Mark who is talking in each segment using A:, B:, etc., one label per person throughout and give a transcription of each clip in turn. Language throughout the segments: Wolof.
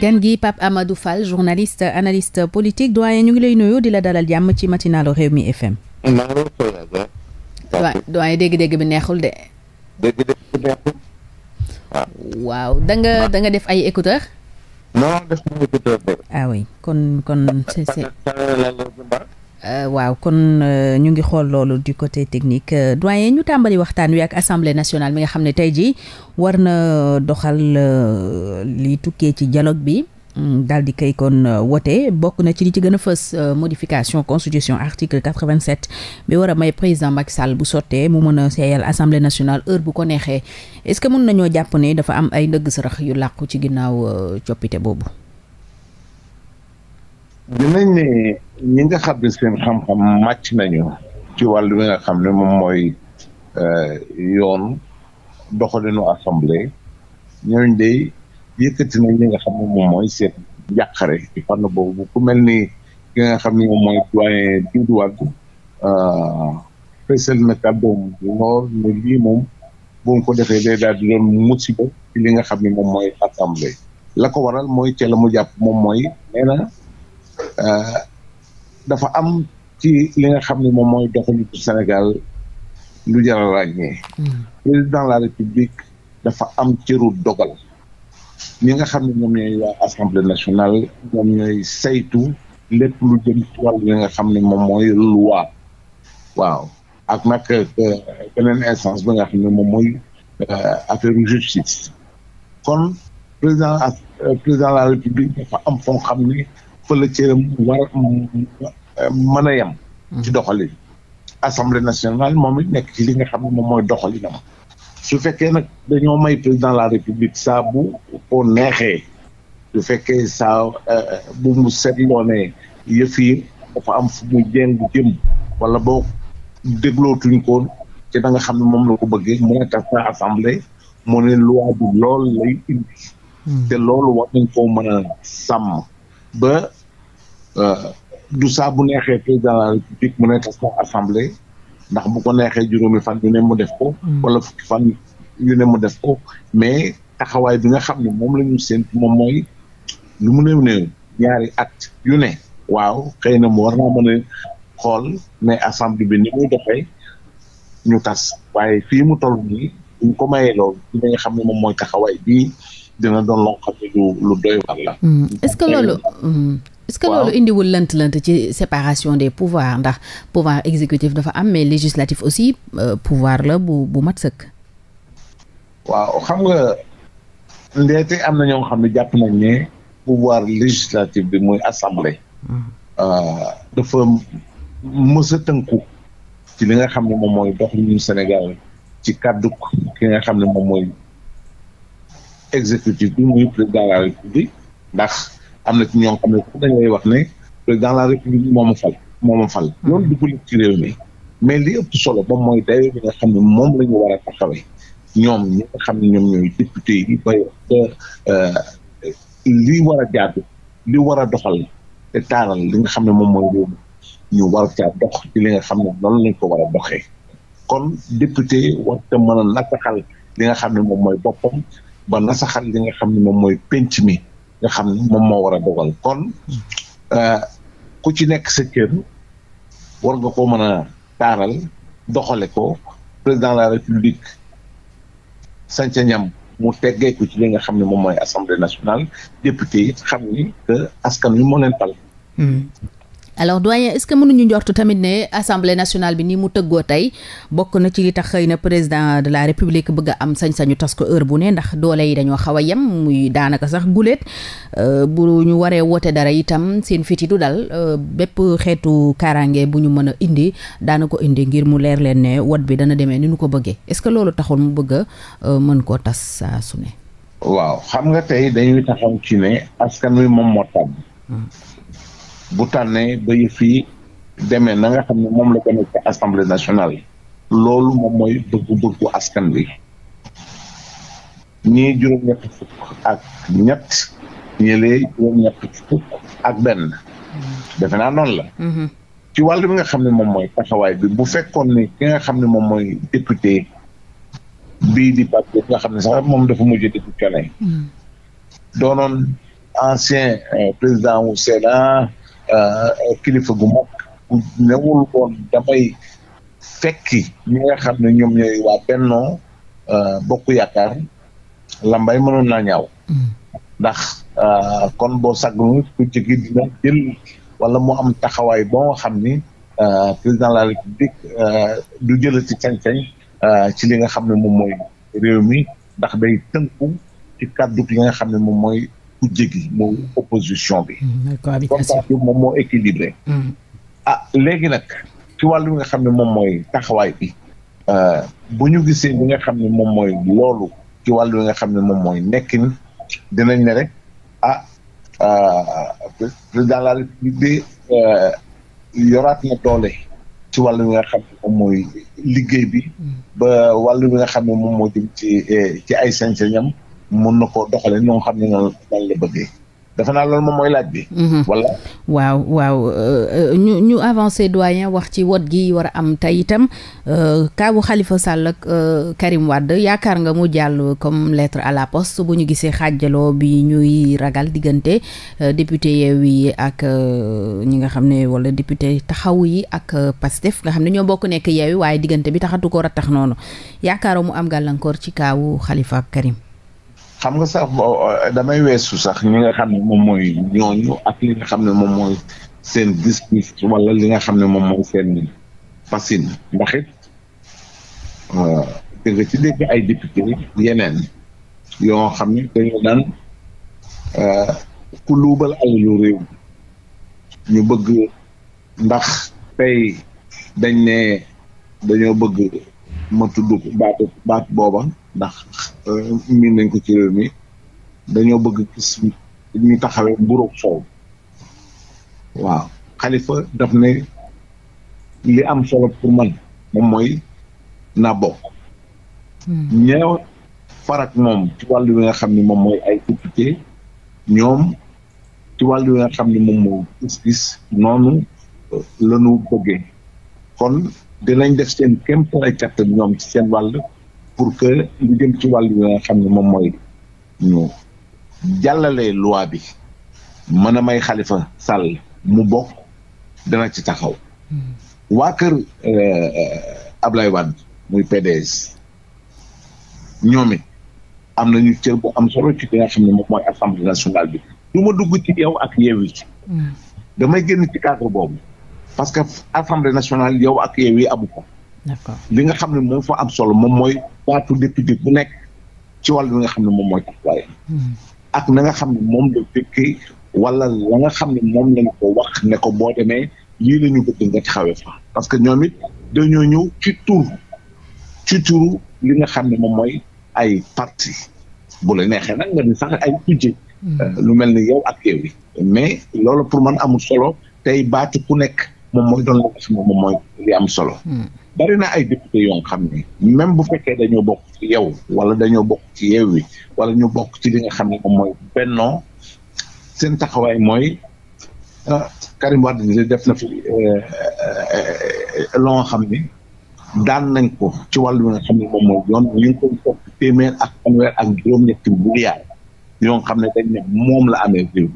A: gan gi Pape Amadou Fall journaliste analyste politique doyen ñu ngi lay nuyu di la dalal jàmm ci matinalu Rewmi FM. doyen dégg-dégg bi neexul de. dégg bi neexul waaw da nga da nga def ay écouteurs. non def écouteur kon kon c'est c'est. Euh, waaw kon euh, ñu ngi xool loolu du côté technique euh, doyen ñu tàmbali waxtaan wi ak assemblée nationale mi nga xam ne tey jii war na doxal li tukkee ci dialogue bi hmm, daal di kay kon wote bokk na ci li ci gën a fës modification constitution article quatre-vingt-sept bi war a may président Macky Sall bu sottee mu mën a seeyal assemblée nationale heure bu ko neexee est-ce que mën nañoo jàpp ne dafa am ay ndëgg sarax yu làqu ci ginnaaw coppite boobu.
B: dinañ ne ñi nga xam ne seen xam-xam màcc nañu ci wàll bi nga xam ne moom mooy euh, yoon doxalinu assemblée ñooñ day yëkkati nañ li nga xam ne moom mooy seen njàqare ci fànn boobu mel ni nga xam ne moom mooy doyen Doudou Wade euh, fësal na kàddoom bu noor ne lii moom bu ko defee day daal di doon musiba ci li nga xam ne moom mooy assemblée la ko waral mooy ca la mu jàpp moom mooy nee Euh, dafa am ci li nga xam ne moom mooy doxalinu Sénégal lu jar a ràññee. Hmm. président de la république dafa am cëru dogal. ñi nga xam ne ñoom ñooy waa assemblée nationale ñoom ñooy saytu lépp lu jëm ci li nga xam ne moom mooy loi waaw ak nag euh, beneen instance ba nga xam ne moom mooy euh, affaire justice kon président président de la république dafa am foo xam ne fa la cëram war mën a yem. Mm-hmm. ci doxalin. assemblée nationale moom it nekk ci li nga xam ne moom mooy doxalinam. su fekke nag dañoo may président de la république saa ko neexee. su fekkee saa euh, bu mu seetloo ne yëf yi dafa am fu muy jéng jëm wala boo déglootuñ ko ci da nga xam ne moom la ko bëggee mu ne tax sa assemblée mu ne loi bi lool lay mm-hmm. te loolu war nañ koo mën a ba Euh, du saa bu neexee président de la république mu nekk sa assemblée ndax bu ko neexee juróomi fan yu ne mu def ko. Mm. wala fukki yu ne mu def ko mais taxawaay bi nga xam ne moom lañu ñu séntu moom mooy lu mu néew néew ñaari at yu ne. waaw xëy na mu war naa mën a xool ne assemblée bi ni muy doxee ñu tas waaye fii mu toll nii ñu ko mayee loolu li nga xam ne moom mooy taxawaay bi dina doon loo xam lu lu doy war
A: la. Mm. est-ce que loolu. est que loolu indiwul lënt-lënt ci séparation des pouvoirs ndax pouvoir exécutif dafa amee mais législatif aussi euh, pouvoir la bu bu mat sëkk.
B: waaw xam nga ndeete am na ñoo xam ne jàpp nañ ne pouvoir législatif bi muy assemblée. Hmm. Euh, dafa mës tënku. ci li nga xam ne moom mooy dox ñun Sénégal ci kàddu ki nga xam ne moom mooy exécutif bi muy président de République ndax. am na ci ñoo xam ne dañ lay wax ne président de la république moo ma fal hmm. loolu du ci réew mi mais li ëpp solo moom mooy dayo bi nga xam ne moom la ñu war a ñoom xam ne ñoom ñooy député yi bay wax euh, li war a jaadu li war a doxal te taaral li nga xam ne moom mooy réew ñu war caa dox ci li nga xam ne noonu lañ ko war a kon député warta mën a nasaxal li nga xam ne moom mooy boppam ba nasaxal li nga xam ne moom mooy penc mi nga xam ne moom moo war a dogal kon euh, ku ci nekk sa kër war nga ko mën a taaral doxale ko président de la république sanca ñam mu teggeeku ci li nga xam ne moom mooy assemblée nationale député xam ni que askan wi moo leen tal
C: hmm.
A: alors doyen est que mënuñu njortu tamit ne assemblée nationale bi ni mu tëggoo tey bokk na ci li tax xëy na président de la république bëgg a am sañ-sañu tas ko heure bu ne ndax doole yi dañoo xaw a yem muy daanaka sax guléet euh, bu ñu waree woote dara itam seen fiti du dal euh, bépp xeetu kaaraange bu ñu mën a indi daana ko indi ngir mu leer leen ne wot bi dana demee ni ñu ko bëggee est-ce que loolu taxul mu bëgg a euh, mën koo tas saa su ne
B: waaw xam nga tey dañuy taxaw ci ne bu tànnee ba yëf yi demee na nga xam ne moom la demee ca assemblée nationale loolu moom mooy bëgg-bëggu askan bi ñii juróom-ñett fukk ak ñett ñëlee juróom-ñett fukk ak benn defe naa noonu la mm-hmm. ci wàll bi nga xam ne moom mooy taxawaay bi bu fekkoon ni ki nga xam ne moom mooy député bii di Pape Diop nga xam ne sax moom dafa mujj député ne mm-hmm. doonoon ancien euh, président wu Sénat Euh, kilifa gu mag bu newul woon damay fekki ñi nga xam ne ñoom ñooy waa Benno euh, Bokk Yaakaar lambay mënoon naa ñaaw hmm. ndax euh, kon boo saglu ku jigi dina jël wala mu am taxawaay boo xam ni président de la république du jëlati sañ-sañ ci li nga xam ne moom mooy réew mi ndax day tënku ci kàddu gi nga xam ne moom mooy kujje gi mooy opposition bi mm, combat moom moo équilibré mm. a ah, léegi nag ci wàllu nga xam ne moom mooy taxawaay bi euh, bu ñu gisee li nga xam ne moom mooy loolu ci wàllu nga xam ne moom mooy nekkin dinañ ne rek a ah, euh, président de la euh, yoraat na doole ci wàllu nga xam ne moom mooy liggéey bi mm. ba wàllu nga xam ne moom moo eh, ci ay sañ-sañam mun na koo doxale ñoo mooy laaj bi.
A: Mhm. wala. waaw waaw euh, ñu ñu avancé doyen wax ci wot gi war a am tey itam euh, kaabu Khalifa Sall ak euh, Karim Wade yaakaar nga mu jàll comme lettre à la poste bu ñu gisee xaajaloo bi ñuy ragal diggante député Yewwi yi ak ñi nga xam ne wala député taxaw yi ak Pastef nga xam ne ñoo bokk nekk Yewwi waaye diggante bi taxatu ko rattax noonu yaakaaroo mu am gàllankoor ci kaawu xalifa ak Karim.
B: xam nga sax damay weesu sax ñi nga xam ne moom mooy ñooñu ak li nga xam ne moom mooy seen discours wala li nga xam ne moom mooy seen fasin ndax it euh, te nga ci dégg ay député yeneen yoo xam ne dañu naan euh, ku luubal alalu réew ñu bëgg ndax tey dañ ne dañoo bëgg ma tudd baatu baat booba ndax Euh, miin nañ ko ci réew mi dañoo bëgg gis ñu taxawee mburoog soow waaw xalifa daf ne li am solo pour man moom mooy naa bokk hmm. ñeew farak moom ci wàllu wi nga xam ni moom mooy ay député ñoom ci wàllu wi xam ni moom mooy gis-gis noonu euh, lañu bëggee kon dinañ def seen kéem tolluwaay kattan ñoom ci seen wàll pour que lu jëm ci wàllu yi nga xam ne moom mooy ñu jàllale loi bi mën a may xalifa Sall mu bokk dana ci taxaw hmm. waa kër euh, euh, Ablaye Wade muy PDS ñoom it am nañu cër bu am solo ci li nga xam ne moom mooy assemblée nationale bi du ma dugg ci yow ak yeewi hmm. damay génn ci cadre boobu parce que assemblée nationale yow ak yeewi amu d'accord li nga xam ne moom fa am solo moom mooy baatu député bu nekk ci wàll bi nga xam ne moom mooy taxawaay hmm. ak na nga xam ne moom la dëkkee wala la nga xam ne moom lañ ko wax ne ko boo demee lii la ñu bëgg nga taxawee fa parce que ñoom it dañoo ñëw ci tur li nga xam ne moom mooy ay parti la neexee nag nga ni sax ay tujje hmm. euh, lu mel ni yow ak yow mais loolu pour man amul solo tey baatu ku nekk moom mooy doon la nga moom mooy li am solo hmm. bari na ay député yoo xam ne même bu fekkee dañoo bokk ci yow wala dañoo bokk ci Yewwi wala ñu bokk ci li nga xam ne moom mooy Benno seen taxawaay mooy ah, Karim Wade def na fi eh, eh, eh, loo nga xam ne daan nañ ko ci wàllu nga xam ne moom mooy yoon ñu ngi koy topp xam ne dañ moom la amee réew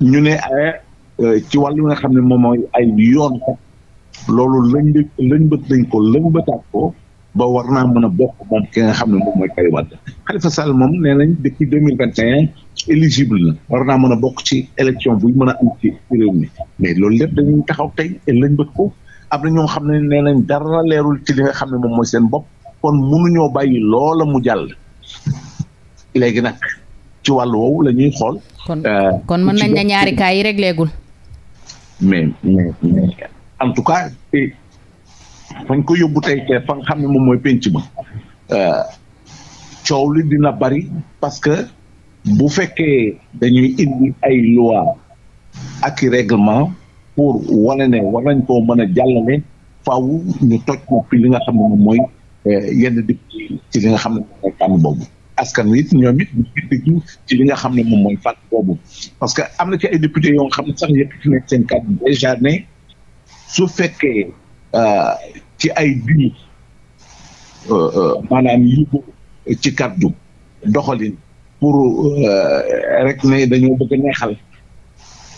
B: mm. ci wàllu nga xam ne moom mooy ay yoon loolu lëñ lëñbët nañ ko lëñbëtaat ko ba war naa mën a bokk moom ki nga xam ne moom mooy Karim Wade Khalifa Sall moom nee nañ depuis deux mille vingt et un éligible na war naa mën a bokk ci élection buy mën a am ci réew mi mais loolu lépp dañuy taxaw tey lëñbët ko am na ñoo xam ne nee nañ dara leerul ci li xam ne moom mooy seen bopp kon mënuñoo bàyyi loola mu jàll léegi nag ci wàllu woowu la ñuy xool. kon euh, kon mën nañ na ñaari cas yi rek léegul. en tout cas fañ ko yóbbu tey ke fa nga xam ne moom mooy penc ma euh, coow li dina bari parce que bu fekkee dañuy indi ay loi ak i règlement pour wane ne war nañ koo mën a jàllale faaw ñu toj ko li nga xam ne moom mooy euh, yenn di ci li nga xam ne moom mooy boobu askan wi it ñoom ci li nga xam ne moom mooy fànn boobu parce que am na ci ay député yoo nga xam ne sax yëpp ci nekk seen kàddu déjà su fekkee euh, ci ay biir euh, euh, maanaam yibu ci kàddu doxalin pour rek ne dañoo bëgg neexal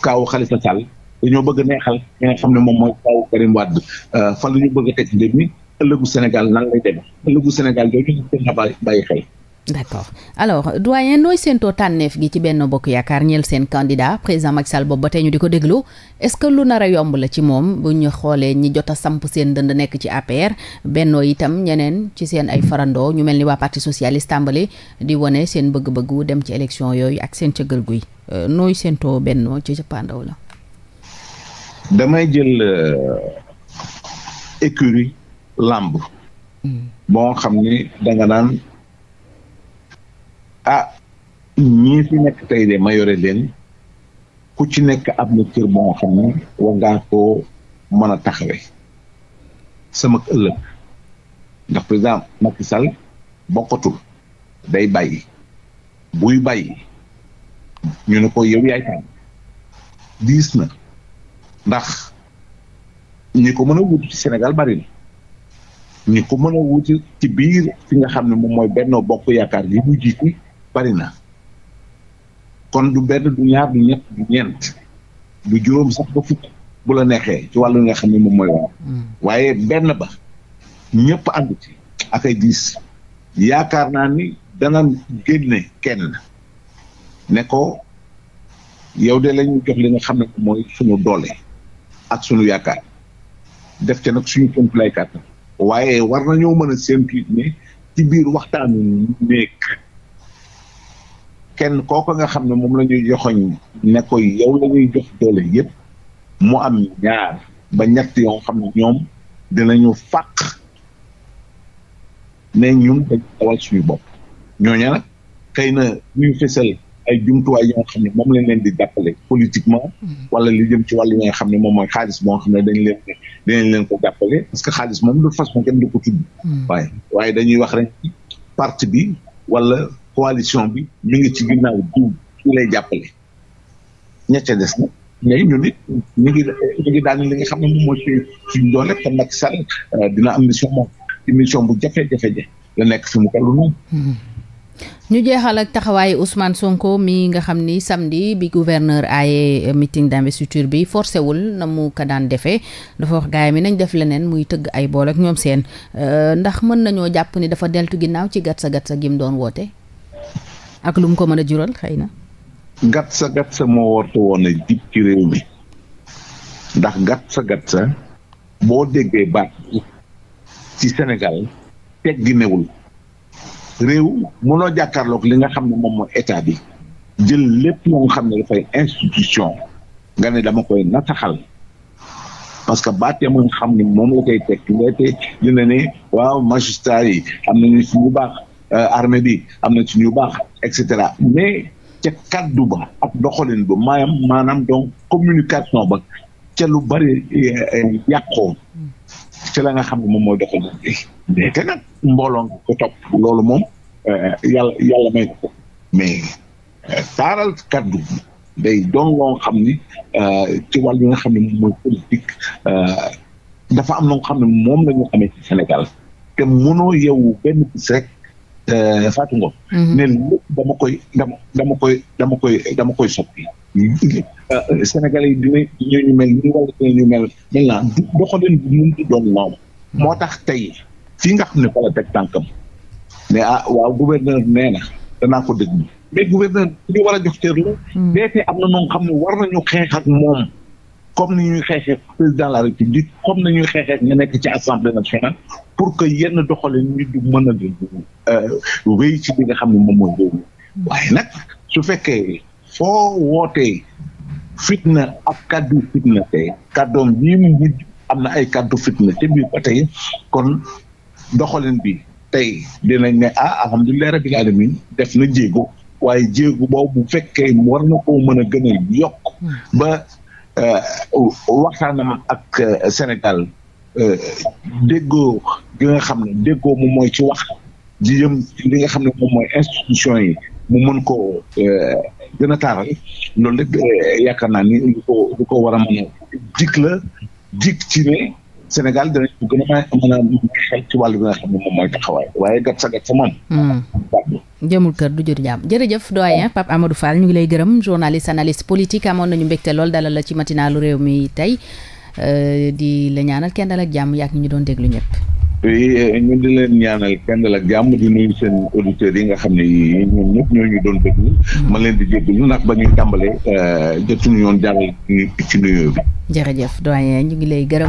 B: kaawu Khalifa Sall dañoo bëgg neexal ñi nga xam ne moom mooy kaawu Karim Wade fan la ñu bëgg a teg ndem mi ëllëgu Sénégal nan lay demee ëllëgu Sénégal jooju ñu gën a bàyyi xel.
A: d'accord alors doyen nooy séentoo tànneef gi ci benn bokk yaakaar ñeel seen candidat président Macky Sall ba tey ñu di ko déglu est que lu nar a yomb la ci moom bu ñu xoolee ñi jot a samp seen dënd nekk ci APR bennoo itam ñeneen ci seen ay farandoo ñu mel ni waa parti socialiste tàmbali di wone seen bëgg-bëggu dem ci élection yooyu ak seen cëggal guy euh, nooy séentoo bennoo ci cappaandaw la.
B: damay jël euh, écurie lamb. Hmm. boo xam ni danga naan. ah ñii nekk tey de ma yore leen ku ci nekk ab na cër boo xam ne war ngaa koo mën a taxawee sama ëllëg ndax président Macky Sall bokkatul day bay buy bay ñu ne ko yow yaay diis na ndax ñi ko mën a wuti Sénégal bari na ñi ko mën a wuti ci biir fi nga xam ne moom mooy benn Bokk Yaakaar yi mu jiitu bari na kon du benn du ñaar du ñett du ñeent du juróom sax ba fukk bu la neexee ci wàllu nga xam ne moom mooy wax mm. waaye benn ba ñëpp ànd ci ak ay diis yaakaar naa ni dana génne kenn ne ko yow de la ñu li nga xam ne mooy suñu doole ak suñu yaakaar def ca nag suñu kéem lay kàttan waaye war nañoo mën a séntu ne ci biir waxtaanu nekk. kenn kooku nga xam ne moom la ñuy joxoñ ne ko yow la ñuy jox doole yépp mu am ñaar ba ñett yoo xam ne ñoom dinañu fàq ne ñun dañ dawal suñu bopp ñooñu nag xëy na ñuy fësal ay jumtuwaay yoo xam ne moom lañ leen di jàppale politiquement mm-hmm. wala li jëm ci wàllu yi nga xam ne moom mooy xaalis boo xam ne dañ leen dinañ leen ko jàppale parce que xaalis moom de façon kenn du ko tudd mm-hmm. waaye waaye dañuy wax rek parti bi wala coalition bi mi ngi ci ginnaaw diw ki lay jàppale ña ca des nag mais ñun ñu ngi ñu ngi daal li nga xam ne moom euh, bu jafe-jafe ja la nekk fi
A: ñu jeexal ak taxawaayu Ousmane Sonko mi nga xam ni samedi bi gouverneur aaye meeting d'investiture bi forcé wul na mu ko daan defee dafa wax gaay mi nañ def leneen muy tëgg ay bool ak ñoom seen euh, ndax mën nañoo jàpp ni dafa deltu ginnaaw ci gatsa gatsa gim doon woote. ak lu mu ko mën a jural xay na.
B: gat sa gat sa moo wartu woon a jib ci réew mi ndax gat sa gat sa boo déggee baat ci Sénégal teggi newul réew mënoo jàkkaarloog li nga xam ne moom mooy état bi jël lépp moo nga xam ne dafay institution nga ne dama koy nasaxal parce que baat ya xam ne moom la koy teg léete dina ne waaw magistrat yi xam nañu si bu baax Euh, armée bi am na ci ñu baax et cetera mais ca kaddu ba ak doxalin ba maanaam maanaam donc communication ba ca lu bari euh, yàqoo ci la nga xam ne moom mooy doxalin bi mais te nag mbooloo ko topp loolu moom euh, yàlla yàlla may ko mais taaral kaddu day doon loo xam ni ci wàllu nga xam ne moom mooy politique dafa am loo xam ne moom amee ci Sénégal te mënoo yeewu benn bis rek. Fatou Ngom ne lépp dama koy dama dama koy dama koy dama koy soppi mm-hmm. Sénégalais yi dina ñu mel ñu wala dina ñu mel maintenant doxalin bi mun di doon noom mm-hmm. moo tax tey fii nga xam ne fa la teg mais ah waaw gouverneur nee na danaa ko déglu mais gouverneur ñu war a jox cër la mm-hmm. deetee am na noonu xam ne war nañu xeex ak moom comme ni ñuy xeexee président de la république comme ni ñuy xeexee nga nekk ci assemblée nationale pour que yenn doxalin ñu du mën a di euh, ci li xam ne moom mooy réew mi waaye nag su fekkee foo wootee fitna ak kàddu fitna te kàddoom yi mu am na ay kàddu fitna te biir ba tey kon doxalin bi tey dinañ ne ah alhamdulilah rabbil alamin def na jéego waaye jéego boobu bu fekkee war na ko mën a gën a yokk hmm. ba euh, waxtaanam ak euh, Sénégal déggoo gi nga xam ne déggo moom mooy ci wax di jëm nga xam ne moom mooy institution yi mu mën koo euh, gën a taaral loolu rek euh, yaakaar naa ni lu ko lu ko war a mën a dig la dig ci ne Sénégal danañ ko gën a a xel ci wàllu bi nga moom mooy taxawaay waaye gat sa gat sa moom.
A: Hmm. jëmul kër du jur jàmm jërëjëf doyen Pape Amadou Fall ñu ngi lay gërëm journaliste analyste politique amoon nañu mbégte lool dalal la ci matinalu réew mi tey. Euh, di la ñaanal kenn dal ak jàmm yaa ngi ñu doon déglu ñëpp.
B: Euh, ñu di leen ñaanal kenn la jàmm di nuyu seen auditeurs yi nga xam ne yi ñoom ñëpp ñoo ñu doon déglu mm. ma leen di jéggalu ndax ba ñuy
C: tàmbalee euh, jotuñu yoon jàll ci nuyoo bi
A: jërëjëf doyen ñu ngi lay gërëm